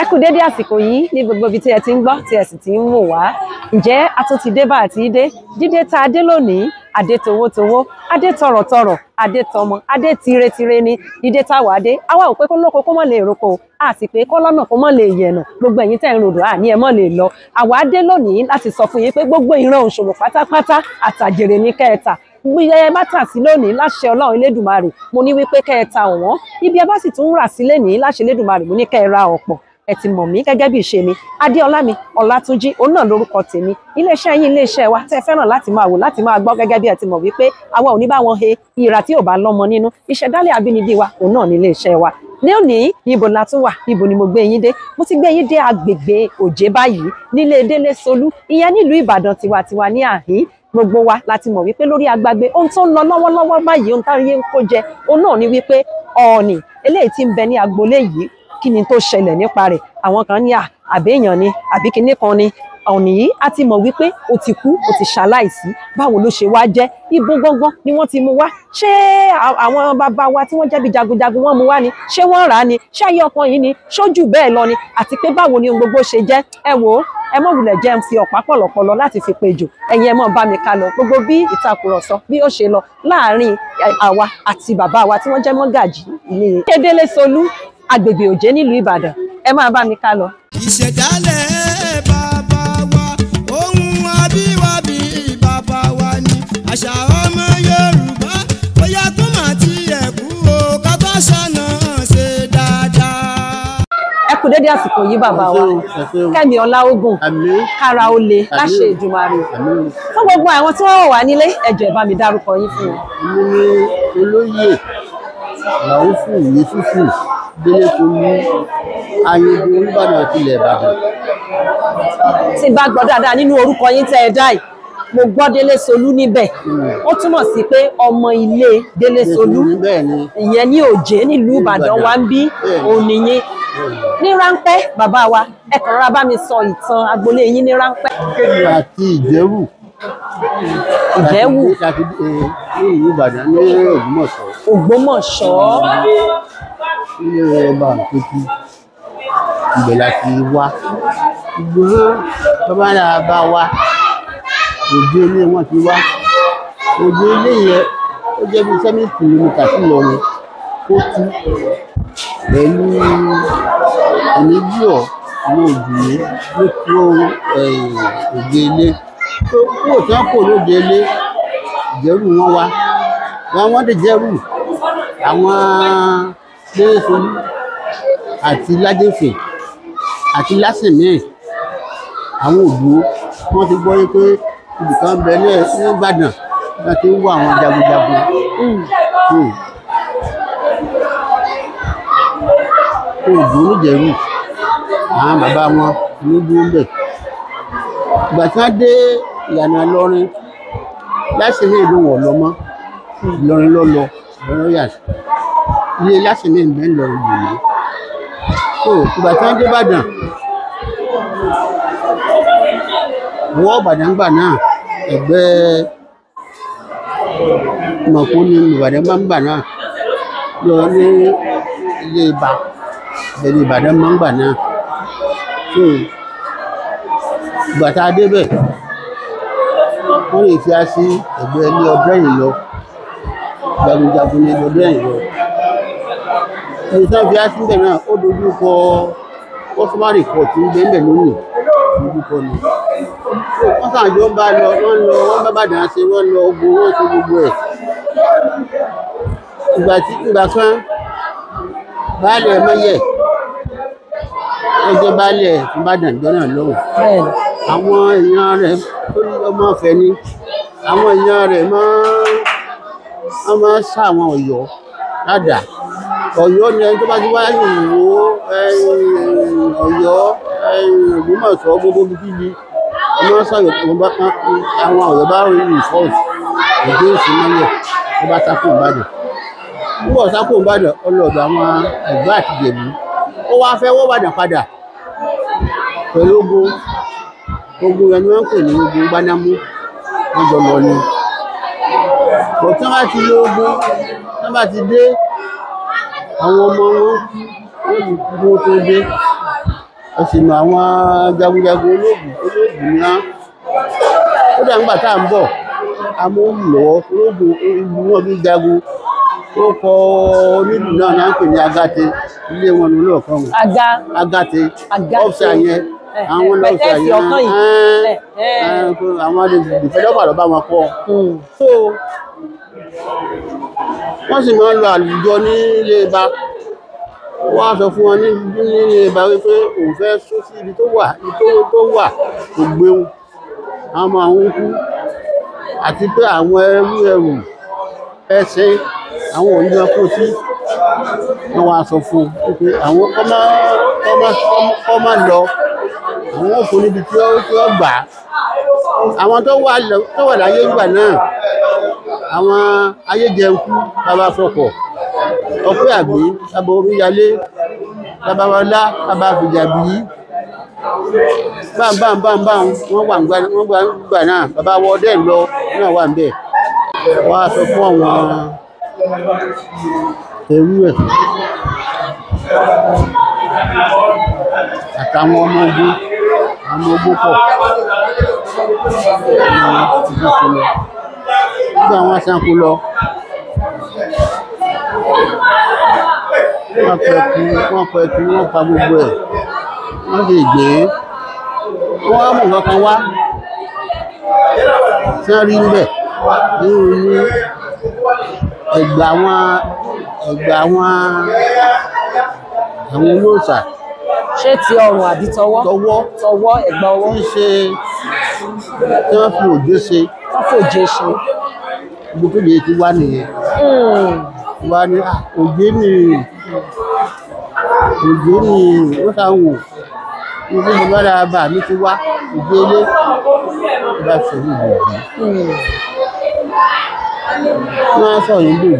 ẹ kú dédé àsìkò yìí ní gbogbo ibi tí ẹ ti ń gbọ́ tí ẹ sì ti ń wò wá ǹjẹ́ a tún ti dé bá àti dé dídé tá a dé lónìí adé towótowó adé tọrọtọrọ adé tọmọ adé tiretire ni dídé táwa dé àwa ò pé kó lóko kó mọ̀ lè roko a sì pé kó lọ́nà kó mọ̀ lè yẹ̀nà gbogbo ẹ̀yin tẹ́ ń rodò àní ẹ mọ̀ lè lọ àwa dé lónìí láti sọ fún yín pé gbogbo ìran òṣòwò pátápátá àtàjèrè ní kẹta bí ẹ bá tà sí lónìí láṣẹ ọlọ́run elédùnmarè mo ní wípé kẹ́ ẹ ta ọ̀wọ́n ibi ẹ bá sì tún rà sí lónìí láṣẹ elédùnmarè mo ní kẹ́ ẹ ra ọ̀pọ̀ ẹ ti mọ̀ mí gẹ́gẹ́ bí ìṣe mi adéọlá mi ọlátúnjí òun náà lórúkọ tèmi iléeṣẹ́ yín iléeṣẹ́ wa tẹ́ ẹ fẹ́ràn láti máa wò láti máa gbọ́ gẹ́gẹ́ bí ẹ ti mọ̀ wípé àwa ò ní bá wọn he ìrà tí ò bá lọ́mọ nínú ìṣẹ̀dálẹ̀ abínibí wa òun náà ní iléeṣẹ́ wa lónìí ibo la tún wà ibo ni mo gbé yín dé mo ti gbé yín dé agbègbè òjé báyìí nílé délé solú ìyẹn nílùú ìbàdàn tiwantiwa ní àhín gbogbo wa láti mọ̀ wípé lórí agbágbé ohun tó ń lọ lọ́wọ́lọ́wọ́ báyìí ohun táyé ń kó jẹ òun náà ni wípé ọ̀ọ̀nì eléyìí tí ń bẹ ní agboolé yìí kí ni tó ṣẹlẹ̀ nípa rẹ̀ àwọn kan ní à àbẹ́yàn ni àbí kinní kan ni ọ̀nì yìí a ti mọ̀ wípé o ti kú o ti ṣaláìsí báwo ló ṣe wá jẹ́ ibo gangan ni wọ́n ti mú wá ṣé àwọn bàbá wa tí wọ́n jẹ́bi jagunjagun wọ́n mú wá ni ṣé wọ́n rà á ni ṣé ayé ọkàn yìí ni ṣójú bẹ́ẹ̀ lọ ni àti pé báwo ni ohun gbogbo ṣe jẹ́ ẹ wò ó ẹ mọ̀ wulẹ̀ jẹ́ ń fi ọ̀pá pọ̀lọ̀pọ̀lọ̀ láti fi pejò ẹ̀yin ẹ mọ̀ bá mi ká gbogbo bí ìtakùrọ̀sọ bí ó ṣe lọ láàárín àwa àti bàbá wa tí wọ́n jẹ́ mọ́gàjì ní Kédélé Solú agbègbè Òjé nílùú Ìbàdàn ẹ máa bá mi ká ìṣẹ̀dálẹ̀ dédé àsìkò yìí bàbá wa kẹ́mi ọlá ogun kára ó le láṣẹ Èdùmàrè fún gbogbo àwọn tí wọ́n wà nílé ẹ̀jọ̀ ẹ bá mi dárúkọ yín fún wọn. mo ní olóyè làwùfù yìífùfù délé tó ní ayédè olúbàdàn àti ilẹ̀ ìbàdàn. tí n bá gbọ́ dáadáa nínú orúkọ yín tẹ́ ẹ dá yìí mo gbọ́ délé solú níbẹ̀ hmm. ó túmọ̀ sí pé ọmọ ilé délé solú ìyẹn ní òjé nílùú ìbàdàn wa ń bí òun nìyẹn ní ráńpẹ́ bàbá wa ẹ kàn rárá bá mi sọ ìtàn agboolé yín ní ráńpẹ́. àti ìjẹ́wù. ìjẹ́wù. àti ìlú ìbàdàn ní ògbómọ̀ṣọ́. ògbómọ̀ṣọ́. ilé ọba àpótí ibẹ̀ láti wá ṣùgbọ́n bàbá náà bá wa òde ilé wọn ti wá òde ilé yẹn ó jẹ́ bí sẹ́mìtì kìlómítà sí Ìlọrin ó tú pẹ̀lú onídùúọ̀ àwọn òdùnú ló kúrò òde ilé tó kúrò tí kò lóde ilé ìjẹ́rù wọn wá wọn wọ́n lè jẹ́rù àwọn lẹ́yẹ̀fọ́lú àti ládẹ́fẹ̀ àti lásìmíì àwọn òdùnú wọ́n ti gbọ́ pé ibìkan bẹ̀ ní Ìbàdàn ti ń wọ àwọn jagunjagun. Hmm. Hmm. oògùn oníjẹ̀rù àwọn bàbá wọn ló dúró bẹ̀. ìgbà tí wọ́n dé ìlànà Ìlọrin láti ní ìlú wọ̀ lọ mọ́ Ìlọrin lọ lọ Ìlọrin yà sí ilé láti ní ìlú Ìlọrin lò ní. so ìgbà tí wọ́n dé Ìbàdàn wọ́ Ìbàdàn gbà náà ẹgbẹ́ mọ̀kú ni Ìbàdàn bá ń gbà náà lọ ní ilé ibà ẹni ìbàdàn máa ń gbà náà so ìgbà tá a débẹ̀ wọ́n lè fi á sí ẹ̀gbẹ́ ilé ọdún lọ jagunjagun ní ọdún ẹ̀yìn lọ ẹni tí wọ́n fi á sí ibẹ̀ náà ó dojú kọ kọ́sọ́márì kọ̀ tí ń gbé ńbẹ̀ lónìí dojú kọ ni wọ́n sàjọ ń bá lọ wọ́n lọ wọ́n bá bàdàn ṣe wọ́n lọ ogun wọ́n ṣe gbogbo ẹ̀ ìgbà tí ìgbà kan baálé ẹ̀ mọ́yẹ̀ ẹgbẹ́ baálẹ̀ ìbàdàn ìjọ náà lọ́wọ́ àwọn èèyàn rẹ̀ tó ní ọmọ ọ̀fẹ́ ni àwọn èèyàn rẹ̀ máa máa sá àwọn ọ̀yọ́ ládàá ọ̀yọ́ ni ẹni tó bá ti wá ìwò ọ̀yọ́ ògbómọ̀ṣọ́ gbogbo bíbí ọmọ sọ̀rọ̀ àwọn ọ̀yọ́ bá rí rìsọ́ọ̀tì ìdí ìsúnmọ́lẹ̀ tó bá sákò ìbàdàn púpọ̀ sákò ìbàdàn ọlọ́dọ̀ àwọn ẹ̀gbá àti jẹ̀bú ó wá fẹ́ wọ́ Ìbàdàn padà pẹ̀lú ogun ogun yẹn ni wọ́n ń pè ní ogun gbanamu wọ́n jọ lọ ni kò tí wọ́n bá ti lo ogun tí wọ́n bá ti dé àwọn ọmọ wọn wọ́n ti kú kó tó dé ẹ sì àwọn jagunjagun olóògùn olóògùn ni wọ́n ó dà nígbà tá à ń bọ̀ amóhùn lọ́wọ́ olóògùn ìlú wọn bí jagun ó kọ onídùú náà náà ń pè ní agate ilé wọn lórí ọ̀kan wọn. aga agate ọ̀fṣà yẹn eh, eh, àwọn lọ́ọ̀ṣà yẹn eh, àwọn ìfẹ́lọ́pàá lọ́ba wọn kọ́ hmm. so wọ́n sì máa ń lo àlùjọ nílé ba wọ́n á sọ fún wọn nílé ba wípé òun fẹ́ sún sí ibi tó wà ibi tó wà kò gbéhùn àwọn ọmọ àwọn ń kú àti pé àwọn ẹrú ẹrù ẹsẹ̀ àwọn òyìn lọ kó sí wọn wá sọ fún un pé àwọn kọ́ má lọ àwọn ò fún níbi tí ó gbà á àwọn tó wà láyé ìgbà náà àwọn ayéjẹunkú bàbá sọkọ ọpẹ àgbé bàbá omíyalé bàbá wọlá bàbá fìjàbí báńbáńbáńbáń wọn wà nígbà náà bàbá wọdẹ lọ náà wà ń bẹ wọn á sọ fún àwọn ewúrẹ́ àtàwọn ọmọ ogun ọmọ ogun pọ̀ nígbà àwọn aṣáǹkó lọ wọ́n pẹ̀kú wọ́n pẹ̀kú wọ́n pa gbogbo ẹ̀ wọ́n lè gbé wọ́n á mú nǹkan kan wá tí wọ́n rí níbẹ̀ ní ẹgbà àwọn ẹgbà àwọn àwọn olóòṣà. ṣé ti ọrùn àbí tọwọ́. tọwọ́ tọwọ́ ẹgbà ọwọ́. ń ṣe tí wọ́n fi òjé ṣe. wọ́n fi òjé ṣe. gbogbo ìdílé ti wá nìyẹn. Hmm. wá ní òjé ni òjé ni wọ́n ta wò ìdí mi lọ́dà bàbá mi ti wá òjé ilé. ìbá ṣòro ìbòjì wọ́n á sọ̀rọ̀ nílò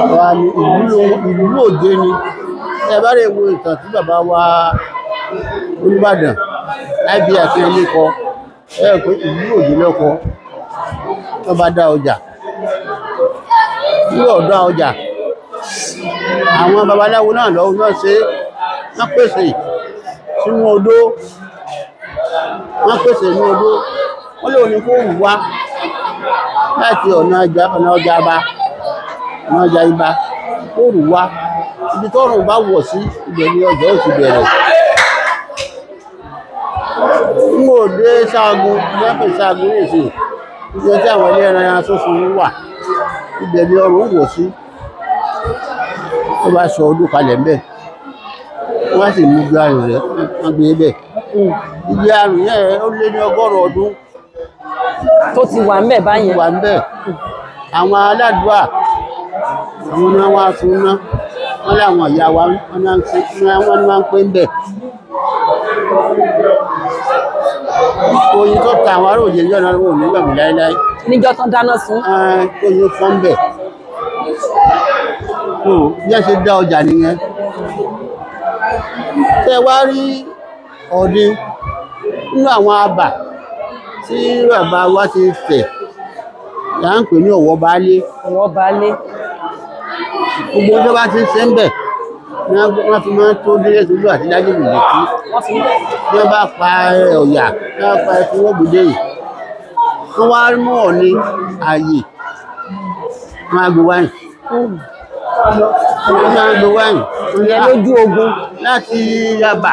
yìí wà ní ìlú òde ni ẹ bá lè wo ìtàn tí bàbá wa Olúbàdàn ibi àti ilé kọ ẹ pé ìlú òde lọ́kọ tó bá dá ọjà ní ọ̀dọ́ ọjà àwọn babaláwo náà lọ́wọ́ náà ṣe wọ́n pèsè sínú odó wọ́n pèsè sínú odó ó lóun ní fóònù wá láti ọ̀nà ọjà ọ̀nà ọjà bá ọ̀nà ọjà ibà fóònù wá ibi tọ́rùn bá wọ̀ sí ibẹ̀ ni ọjà ó bẹ̀rẹ̀ n ò dé ṣaagun lẹ́pẹ̀ ṣaagun ní ìsìn ibi tí àwọn ilé ẹran aṣọ fún wà ibẹ̀ ni ọrùn wọ̀ sí ó bá sọ ọdún kalẹ̀ mbẹ́ wọ́n sì mú ibi àrùn rẹ̀ wọ́n gbé e bẹ́ẹ̀ hmm. ibi àrùn yẹn ó lé ní ọgọ́rùn-ún ọdún tó ti wà ńbẹ̀ báyìí. wà ńbẹ̀ àwọn aládùúgbà àwọn ni wọ́n ná wọ́n ìyá wa ń pè ń bẹ̀. oyin tó ta àwọn aróòjì ìjọ náà wò ní gbàgbé láéláé. bẹ̀. bí a ṣe dá ọjà nìyẹn. tẹ wá rí nínú àwọn abà. tí bàbá wa ti fẹ̀ là ń pè ní ọ̀wọ́ baálé. ọ̀wọ́ baálé. gbogbo tó bá ti ṣe ń bẹ̀ wọ́n fi máa ń tó délé sójú àti dájú ìgbìmọ̀ tí wọ́n bá pa ọ̀yà wọ́n pa ẹkún wọ́gbìdé yìí wọ́n wá mú Ọ̀ọ̀ni ààyè wọ́n á gbé wáyìn wọ́n á gbé wáyìn. ìyẹn lójú ogun. láti Yaba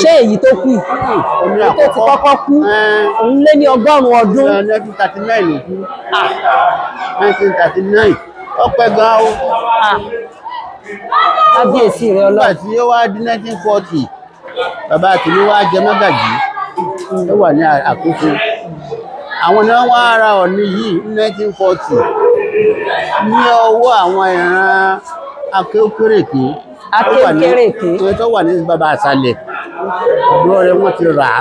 ṣé èyí tó kù èyí tó ti kọ́kọ́ kú eh. òun lé ní ọgọ́rùn-ún ọdún. Eh, nineteen thirty nine ló kú ah. nineteen thirty nine ó pẹ́ gan-an o. Ah. kábíyèsí rẹ ọlọ́run. nígbà tí ó wá di nineteen forty bàbá àtìlú wá jẹ mọ́gàjì ó wà ní àkókò àwọn ni wọ́n wá ara Ọ̀ọ̀ni yìí nineteen forty ní ọwọ́ àwọn ìran akéwòkèrèké akéwòkèrèké tó wà ní bàbá àṣàlẹ̀ àbúrò rẹ̀ wọ́n ti rà á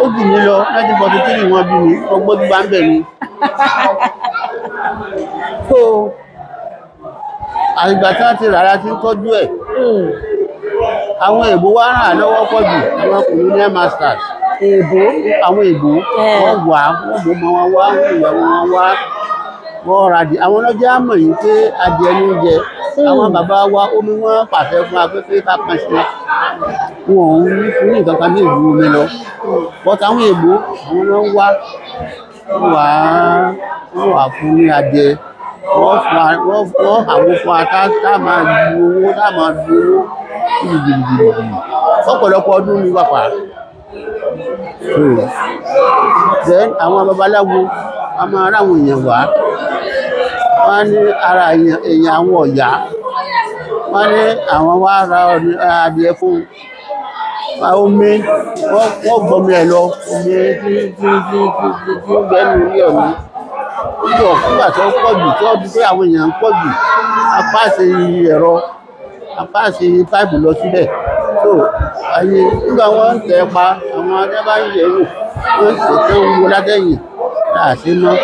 ó dùn mí lọ nineteen forty three wọ́n bí mi ọgbọ́n gbígbà ń bẹ̀ ni so àgbà tí wọ́n ti rà á ti ń tọ́jú ẹ̀ àwọn èbó wá ràn án lọ́wọ́ pọ̀ jù àwọn colonial masters èbó àwọn èbó wọ́n wà wọ́n mọ̀ wọn wá wọ́n ìyàwó wọn wá wọ́n rà á di àwọn ọlọ́jà mọ̀ yìí pé adìẹ ní í Hmm. àwọn bàbá wa omi wọn pàṣẹ fún afẹ́fẹ́ bá kan ṣe wọn ò ń fún nǹkan kan ní ìlú omi lọ bọ́tà àwọn èèbó àwọn náà wá wà á wà fún ní adìẹ wọ́n àwọn fún ata tá máa du owó tá máa du owó gidigidigidi ọ̀pọ̀lọpọ̀ ọdún ní wàpà then àwọn babaláwo a máa ráwọn èèyàn wá wọ́n ní ara èèyàn àwọn ọ̀yá wọ́n ní àwọn wá ra adìẹ fún omi wọ́n gbọ́mi ẹ̀ lọ omi tí ó gbẹ́nu ilé ọ̀nà níbi ọ̀kúgbà tó pọ̀ jù tó ọdún pé àwọn èèyàn ń pọ̀ jù apáàsì ẹ̀rọ apáàsì páìpù lọ síbẹ̀ tó ayé nígbà wọn ń tẹ̀ pa àwọn adébáyé wò wọ́n ń tẹ̀ tẹ́ ń wo látẹ̀yìn láàṣẹ náà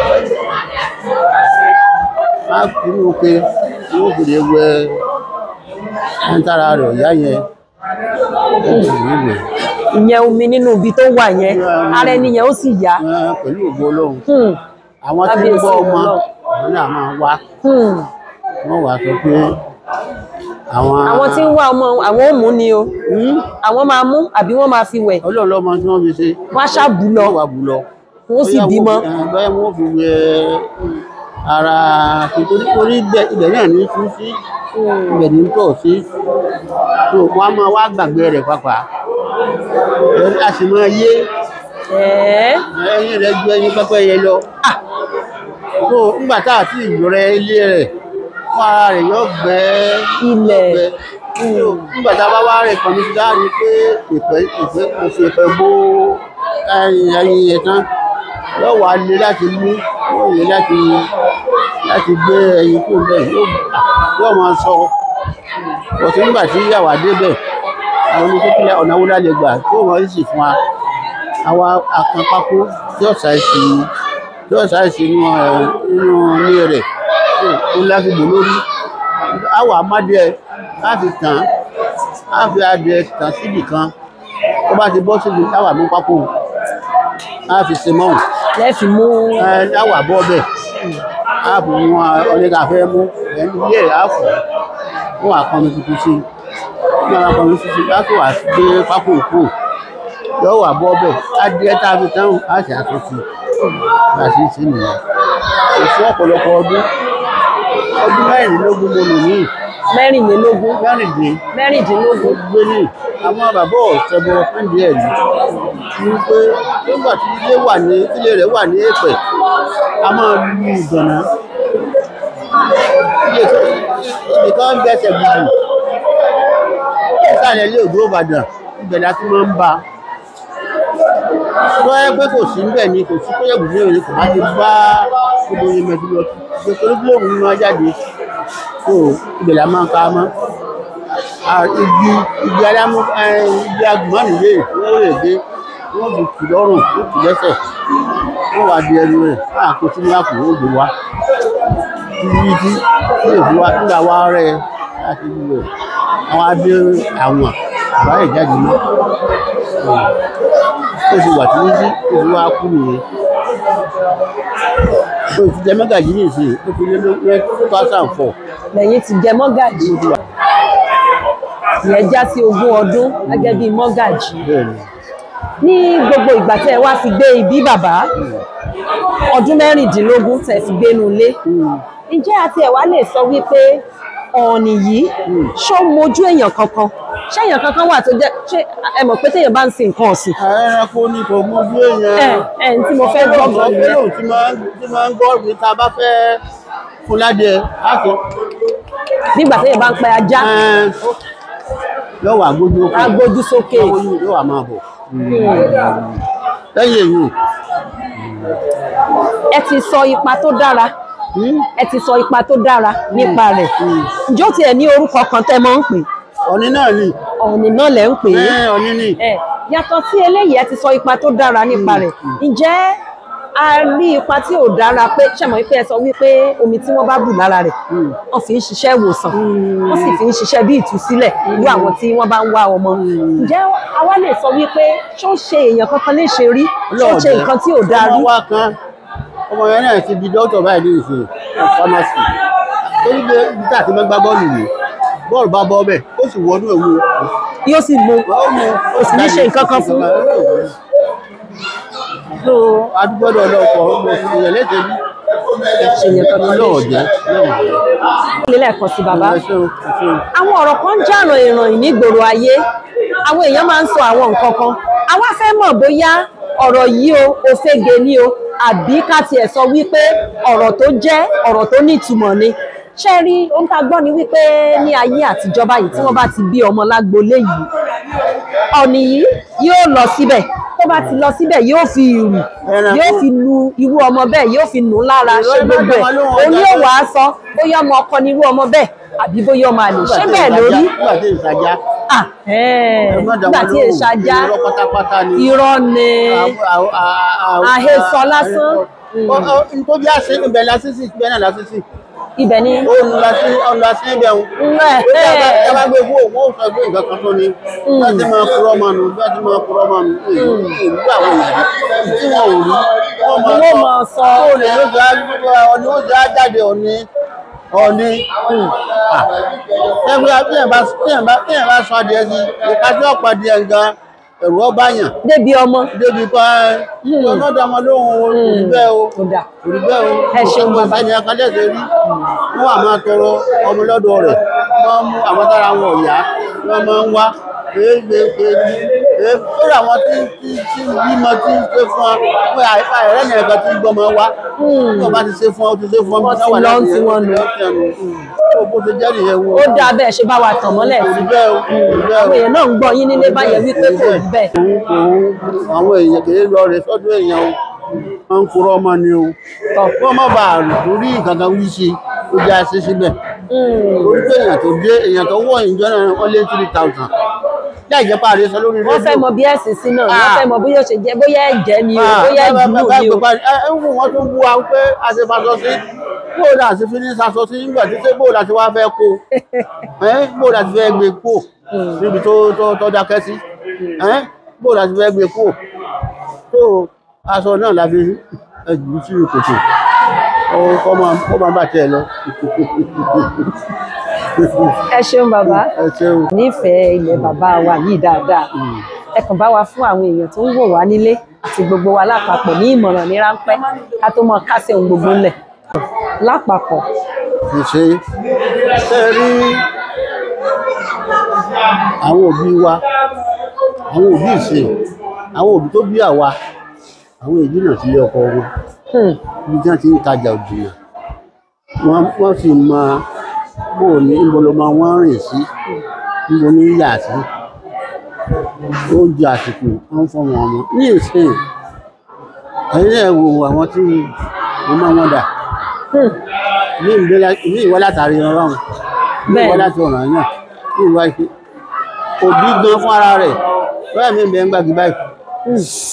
kúrú pé yóò fi lè wẹ ẹntara rẹ̀ ìyá yẹn ìyẹn omi nínú ibi tó wà yẹn ara ẹni yẹn ó sì yá. pẹ̀lú ògbó ọlọ́run hmm. àwọn tí ń bọ́ ọmọ àwọn náà máa wá hmm. wọ́n wà sọ pé àwọn. àwọn tí ń wá ọmọ àwọn ò mú ni o hmm? àwọn máa mú àbí wọ́n máa fi wẹ̀. ọlọ́run lọ́mọ tí wọ́n fi ṣe. wọ́n á ṣàbù lọ wọ́n sì bímọ ara nítorí torí ibẹ̀ náà ní sún sí ibẹ̀ ní tọ̀ sí tó wọn a máa wá gbàgbé rẹ̀ pàápàá a sì máa yé ẹyin rẹ̀ ju ẹyin pẹ́pẹ́ yẹn lọ tó nígbà tá a ti ìjọra ilé rẹ̀ fún ara rẹ̀ yọ gbẹ ilẹ̀ nígbà tá a bá wá rẹ̀ kàn ní ti dáhùn pé ìpè ìpè òfin ìpè bó ẹyin ẹyin yẹn tán yóò wá lé láti mú yóò lé láti láti gbé ẹyin kó bẹ́ẹ̀ yóò máa sọ ọ̀tún nígbà tí yàwá débẹ̀ àwọn oníkékeré ọ̀nà wúlá lè gbà tó wọ́n sì fún wa àwa àkànpákó tí ọ̀sà ìsìn tí ọ̀sà ìsìn nínú ilé rẹ̀ ó lágbègbè lórí àwa amádìẹ láti tàn á fi adìẹ tàn síbì kan tó bá ti bọ́ síbi táwa mú pákó á fi lẹ́ẹ̀fì mú. ẹ dáwà bọ́ bẹ́ẹ̀ áàpù wọn ọ̀nẹ́gà fẹ́ mú ẹni yẹ àfọ̀ wọn àkànmi tuntun sí i wọn àkànmi tuntun láti wà gbé pápó òkú yóò wà bọ́ bẹ́ẹ̀ adìẹ tá a fi tán á sì àtúntì bá a sì ń sí nìyẹn. òfin ọ̀pọ̀lọpọ̀ ọdún ọdún mẹ́rìnlélógún mo lò níyì mẹ́rìndínlógún mẹ́rìndínlógún gbé ní àwọn bàbá ọ̀sẹ̀bọ fúndì ní pé nígbà tí ilé wà ní ilé rẹ̀ wà ní èpẹ̀ a máa lu ìgànnà ibi tó ń gbẹ́sẹ̀ gbùgbù ìsàlẹ̀ ilé òdúró ìbàdàn ibẹ̀ la tún máa ń ba tó yẹ kò sí níbẹ̀ ni kò sí kó ní ìrìn kò bá ti bá gbogbo yẹn mẹ́tò lọ gbèsè olúgbòhùn náà jáde so máa ń ka igi igi adámú igi agùnmọ́nì lè wọ́n lè dé wọ́n kù lọ́rùn wọ́n kù lẹ́sẹ̀ wọ́n wà di ẹnu rẹ̀ máa kó sínú àpò wọ́n gbé wa títí tí lè fi wá nígbà wá rẹ̀ láti ibi rẹ̀ àwọn abẹ́ àwọn àbáyé jáde mọ́ ó ti wà títí tí ó ti wá kú nìyẹn o ti jẹ mọ́gàjì ní ìsìn o ti lé lórí two thousand four. lẹ́yìn ti jẹ mọ́gàjì ìyẹn já sí ogún ọdún gẹ́gẹ́ bíi mọ́gàjì ní gbogbo ìgbà tẹ́ ẹ wá fi gbé ibí bàbá ọdún mẹ́rìndínlógún tẹ́ fi gbénu ilé hmm. ǹjẹ́ àti ẹ̀ wá lè sọ wípé ọ̀ọ̀nì yìí ṣó mojú èèyàn kankan ṣé èèyàn kankan wà tó jẹ́ ṣé ẹ mọ̀ pé téèyàn bá ń sin nǹkan ọ̀sìn. ẹranko ni kò mojú èèyàn. ẹ ẹ tí mo fẹ́ gbọ́dọ̀ mi. ọ̀rọ̀ tí máa ń gbọ́dọ̀ mi tá a bá fẹ́ fún ládìẹ á sọ. nígbà téèyàn bá ń pẹ ajá. yóò wà gbójú sókè. agbójú sókè. yóò máa bọ̀. lẹ́yìn èyí. ẹ ti sọ ipa tó dára Hmm? ẹ ti sọ ipa tó dára nípa rẹ̀ hmm. hmm. ǹjọ́ tiẹ̀ ní orúkọ kan tẹ́ mọ́ ń pè. ọ̀nì náà ni. ọ̀nì náà lẹ̀ ń pè é. ọ̀nì ni. yàtọ̀ sí eléyìí ẹ ti sọ ipa tó dára nípa rẹ̀ ǹjẹ́ a rí ipa tí ò dára pé ṣẹ̀mọ̀ pé ẹ sọ wípé omi tí wọ́n bá bù lára rẹ̀ wọ́n fi ń ṣiṣẹ́ ìwòsàn wọ́n sì fi ń ṣiṣẹ́ bí ìtúsílẹ̀ irú àwọn tí wọ́n bá ń wá ọmọ ǹjẹ́ àwa lè sọ wípé ṣó ṣe èèyàn kankan lè ṣe rí ṣó ṣe nǹkan tí ò dáa rí ọmọ yẹn náà ti di dọ́tọ̀ báyìí ní ìsìn fámásì torí pé bíta àti mẹ́gbá bọ́ọ̀lù yìí bọ́ọ̀lù bá bọ́ bẹ́ẹ̀ ó sì wọnú ewu yóò sì mú o sì ní ṣe nǹkan kan fún. so adúgbò ọ̀dọ̀ ọ̀dọ̀ ọ̀pọ̀ ọmọ òṣèlú ẹlẹ́tẹ̀ẹ́ ìṣèyàn kankan náà jẹ́ lẹ́ẹ̀kan sí bàbá àwọn ọ̀rọ̀ kan ń jàràn ìràn ìnígboro ayé àwọn èèyàn máa ń sọ àwọn nǹkan kan àwa fẹ́ mọ̀ bóyá ọ̀rọ̀ yìí o òfegè ni o àbí ká tiẹ̀ sọ wípé ọ̀rọ̀ tó jẹ́ ọ̀rọ̀ tó nítumọ̀ ni ṣé rí ohun tá a gbọ́ ni wípé ní ayé àtijọ́ báyìí tí wọ́n bá ti bí ọmọ lágbolé yìí ọ̀nì yìí yóò lọ síbẹ̀ bá ti lọ síbẹ̀ yóò fi ìrù yóò fi lu irú ọmọ bẹ́ẹ̀ yóò fi nù lára ṣe gbogbo ẹ̀ òun yóò wá sọ bóyá ọmọ ọkọ ni irú ọmọ bẹ́ẹ̀ àbí bóyá ọmọ àlè ṣé bẹ́ẹ̀ lórí. nígbà tí èsì ajá irọ́ ni àhesọ lásán. nǹkan bí a ṣe ń bẹ lásìsì bẹ́ẹ̀ ibẹ̀ ni. ó ń lọ sí ọ̀n lọ sí ibẹ̀ ń. ẹ bá gbé fún òkú òfin fún nǹkan kan tó ni. bá ti máa kúrọ́ máa nù bá ti máa kúrọ́ máa nù. ìlú àwọn ìlú tí wọn ò rí. wọ́n máa sọ. kó o lè lóṣù ọ̀nì oṣù ajáde ọ̀nì ọ̀nì. ẹgbẹ́ bí ẹ̀ bá sọ adìẹ sí ìkájọ́ ọ̀pọ̀ adìẹ gan-an ẹ̀rù ọba yàn. débi ọmọ. débi pa ọlọ́dọ̀ eh, hmm. ọmọ lóhun hmm. o kò rí bẹ́ẹ̀ o kò rí o kò ṣe mọ ìbániyàn kan lẹ́sẹ̀ rí wọ́n á máa tọrọ ọmọ lọ́dọ̀ rẹ̀ wọ́n mú àwọn tára wọn ò wọ́n máa ń wá lórí àwọn tí tí tí bímọ tí ń pé fún ọ pé àìfà ẹ̀rẹ́ ní ẹ̀gbẹ́ tí gbọmọ wa hmm. tí wọ́n bá ti ṣe fún ọ ti ṣe fún ọ tí wọ́n lọ́n ti wọ́n lọ. Ó ti jẹ́ nìyẹn wo. Ó dáa bẹ́ẹ̀ ṣe bá wa tàn mọ́lẹ̀ sí. Àwọn èèyàn náà ń gbọ́ yín nílé báyẹn wípé kò rí bẹ́ẹ̀. Àwọn èèyàn kì í lọ rẹ̀ sọ́dún èèyàn o. Wọ́n ń kúrọ́ ọmọ ni o. Kọ́ mọ́ bá a lórí ìkankan wí sí ó jẹ́ àṣẹ síbẹ̀. Hmm. Orí pé èèyàn tó dé èèyàn tó wọ̀ ìjọ náà wọ́n lé three thousand láì jẹ́ pa àrísọ lórí rédíò. wọ́n fẹ́ mọ bí ẹ̀sìn sí náà wọ́n ah. fẹ́ mọ bóyá ṣe jẹ́ bóyá ẹ̀jẹ̀ ni o ah. bóyá ìdúró ni o. ẹ ń wù wọ́n tún bu wa pé a ṣe fa sọ sí bóòdà àti fi ní sasọ sí nígbà tí ṣé bóòdà ti wá fẹ́ kó bóòdà ti fẹ́ gbé kó hmm. níbi tó dákẹ́ sí bóòdà ti fẹ́ gbé kó tó aṣọ náà la fi ẹ̀jú sí ìkòtò ọkọ̀ máa bàtẹ́ lọ. ẹ ṣeun bàbá nífẹ̀ẹ́ ilẹ̀ bàbá wa yìí dáadáa mm. ẹ kàn bá wa fún àwọn èèyàn tó ń wò wá nílé àti gbogbo wa lápapọ̀ ní ìmọ̀ràn ní ráńpẹ́ ká tó mọ kásẹ̀ ohun gbogbo ńlẹ̀ lápapọ̀. ṣe ṣe rí àwọn òbí wa àwọn òbí ìṣe àwọn òbí tó bí àwa àwọn èyí náà sílé ọkọ wọn hmm. ibi tí wọn ti ń tajà òjìnà wọn fi mọ bò ní ibo ló máa wọ́n rìn sí ibo ní yà sí oúnjẹ àsìkò wọ́n fọ́ wọn ọmọ ní ìsìn ẹ̀yìn ẹ̀ wò àwọn tí mo máa wọn dà hmm. ní ìwé látàrí ọlọ́run ní ìwé láti ọ̀nà náà ní ìwé àìsí òbí gan fún ara rẹ̀ lọ́yà mi bẹ̀ ń gbàgbé báyìí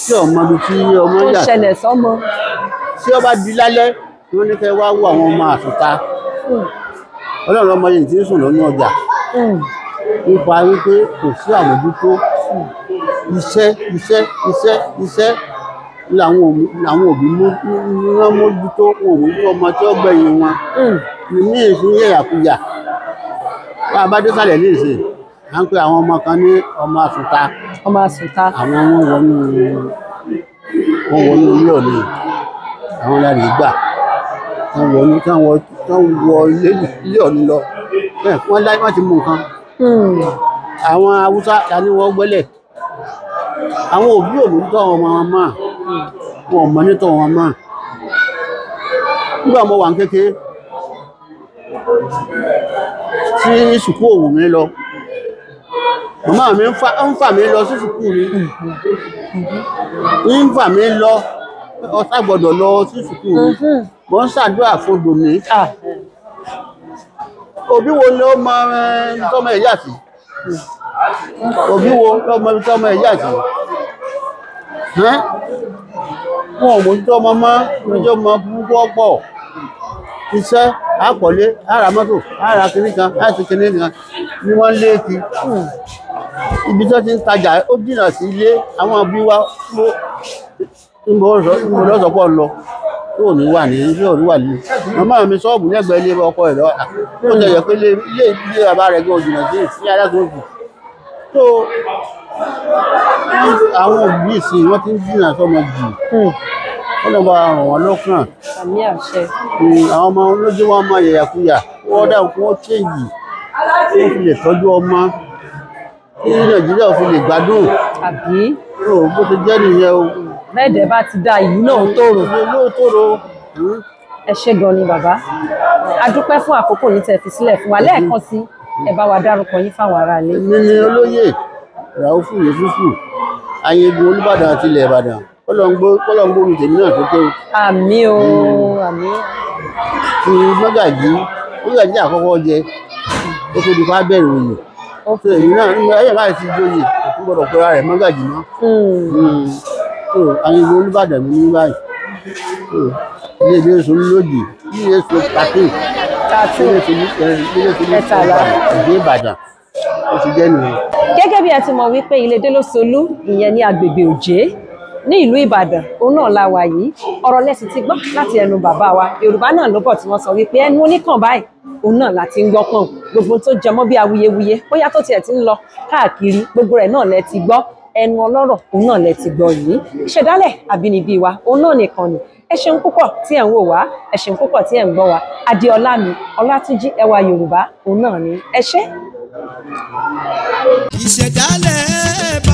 tí hmm. ọmọ ibi tí ọmọ yà tó ṣẹlẹ̀ sọ́mọ tí ó bá di lálẹ́ wọ́n ní kẹ́ wá wo àwọn ọmọ àtúntà hmm ọlọ́run ọmọ yìí ti ń sùn lọ́nà ọjà hmm. nípa wípé kò sí àmójútó iṣẹ́ iṣẹ́ iṣẹ́ iṣẹ́ làwọn òbí wọn mójútó wọn ò mójútó ọmọ tí ó gbẹ̀yìn wọn ní èsì yẹ̀yàkuyà wọ́n abádésàlẹ̀ ní ìsìn à ń pe àwọn ọmọ kan ní ọmọ àsùnta ọmọ àsùnta àwọn wọn wọnú wọn wọnú ilé òní àwọn lẹ́rìí gbà wọn wọnú táwọn tó ń wọ ilé yọ̀ ń lọ wọ́n láyé wọ́n ti mú nǹkan hmm. àwọn haúsá ta ni wọ́n gbẹ́lẹ̀ àwọn òbí òmùtọ́ ọmọ wọn máa wọn ò mọ nítọ́ wọn máa nígbà mo wà ń kékeré tí sùkú òwò mi lọ màmá mi ń fà mí lọ sí sùkú mi ń fà mí lọ ọ̀sà gbọ́dọ̀ lọ sí sùkú mi. Hmm mo ń ṣàdúrà fodò ní. òbí wo ló mọ ibi eh, tọ́mọ ẹ̀ yà sí òbí wo ló mọ ibi tọ́mọ ẹ̀ yà sí wọn ò mójútó ọmọ mọ́ mójútó ọmọ púpọ̀ pọ̀ iṣẹ́ àpọ̀lé ara mọ́tò ara kìíní kan láti kìíní kan ni wọ́n lé ti ibi tó ti ń tajà ó dìnà sí ilé àwọn òbí wa ń bọ̀ lọ́sọ̀pọ̀ lọ yóò ní wà ní yóò ní wà ní. màmá mi ṣọ́ọ̀bù lẹ́gbẹ̀ẹ́ ilé ọkọ ẹ̀ lọ ó tẹ̀yẹ̀ pé ilé ilé bàbá rẹ̀ gan jìnnà sí ìsí alágbèbù tó àwọn òbí ìsìn wọn ti ń jìnnà sọmọ jù hmm. ọlọ́ba ràn wọ́n lọ́kàn hmm, àwọn ọmọ olójú wọn máa yẹ̀yàkuyà wọ́n dáhùn kí wọ́n chéǹjì wọ́n fi lè tọ́jú ọmọ kí Nàìjíríà fi lè gbádùn bó ti jẹ́ nìyẹn o bẹ́ẹ̀dẹ̀ bá ti da ìlú náà tòrò. ìlú náà tòrò. Hmm. ẹ ṣé gan ni bàbá a dúpẹ́ fún àkókò yìí tẹ́ fi sílẹ̀ fún wa lẹ́ẹ̀kan sí ẹ bá wa dárúkọ yín fáwọn aráalé. mi ni olóyè ràúfù yusufu ayégun olùbàdàn àti ilẹ̀ ìbàdàn kọlọ́ngbó omi tèmi náà tó tó. àmì o hmm. àmì. ti mọ́gàjí mọ́gàjí àkọ́kọ́ jẹ ó tó di fá bẹ̀rẹ̀ òye. ó tó èyí náà ẹ̀yẹ̀ báyìí ti jóye kò tún gbọ́dọ̀ pẹ́ra rẹ̀ mọ́gàjí náà. Hmm tó àyìnbó olùbàdàn mi ní báyìí tó ilé ìgbé oṣù lòdì ilé oṣù tàtó ilé oṣù eh, ilé oṣù ìgbé ìbàdàn oṣù jẹ́ nìyẹn. gẹ́gẹ́ bí a ti mọ̀ wípé ilé Délósolú ìyẹn ní agbègbè Òjé ní ìlú Ìbàdàn òun náà la wà yìí ọ̀rọ̀ lẹ́sìn ti gbọ́ láti ẹnu bàbá wa Yorùbá náà ló bọ̀ tí wọ́n sọ wípé ẹnu oníkàn báyìí òun náà láti ń gbọ́ pọ̀n gbogbo tó jẹmọ́ bí awuyewuye bóyá tó tiẹ̀ ti ń lọ káàkiri gbogbo rẹ̀ náà lẹ ti gbọ́ ẹnu ọlọ́rọ̀ òun náà lẹ ti gbọ́ yìí ṣẹ̀dálẹ̀ àbínibí wa òun náà nìkan ni ẹ ṣeun púpọ̀ tí ẹ̀ ń wò wá ẹ ṣeun púpọ̀ tí ẹ̀ ń gbọ́ wá adéọlá mi ọlátúnjí ẹwà yorùbá òun náà ni ẹ ṣé. ìṣẹ̀dálẹ̀ bá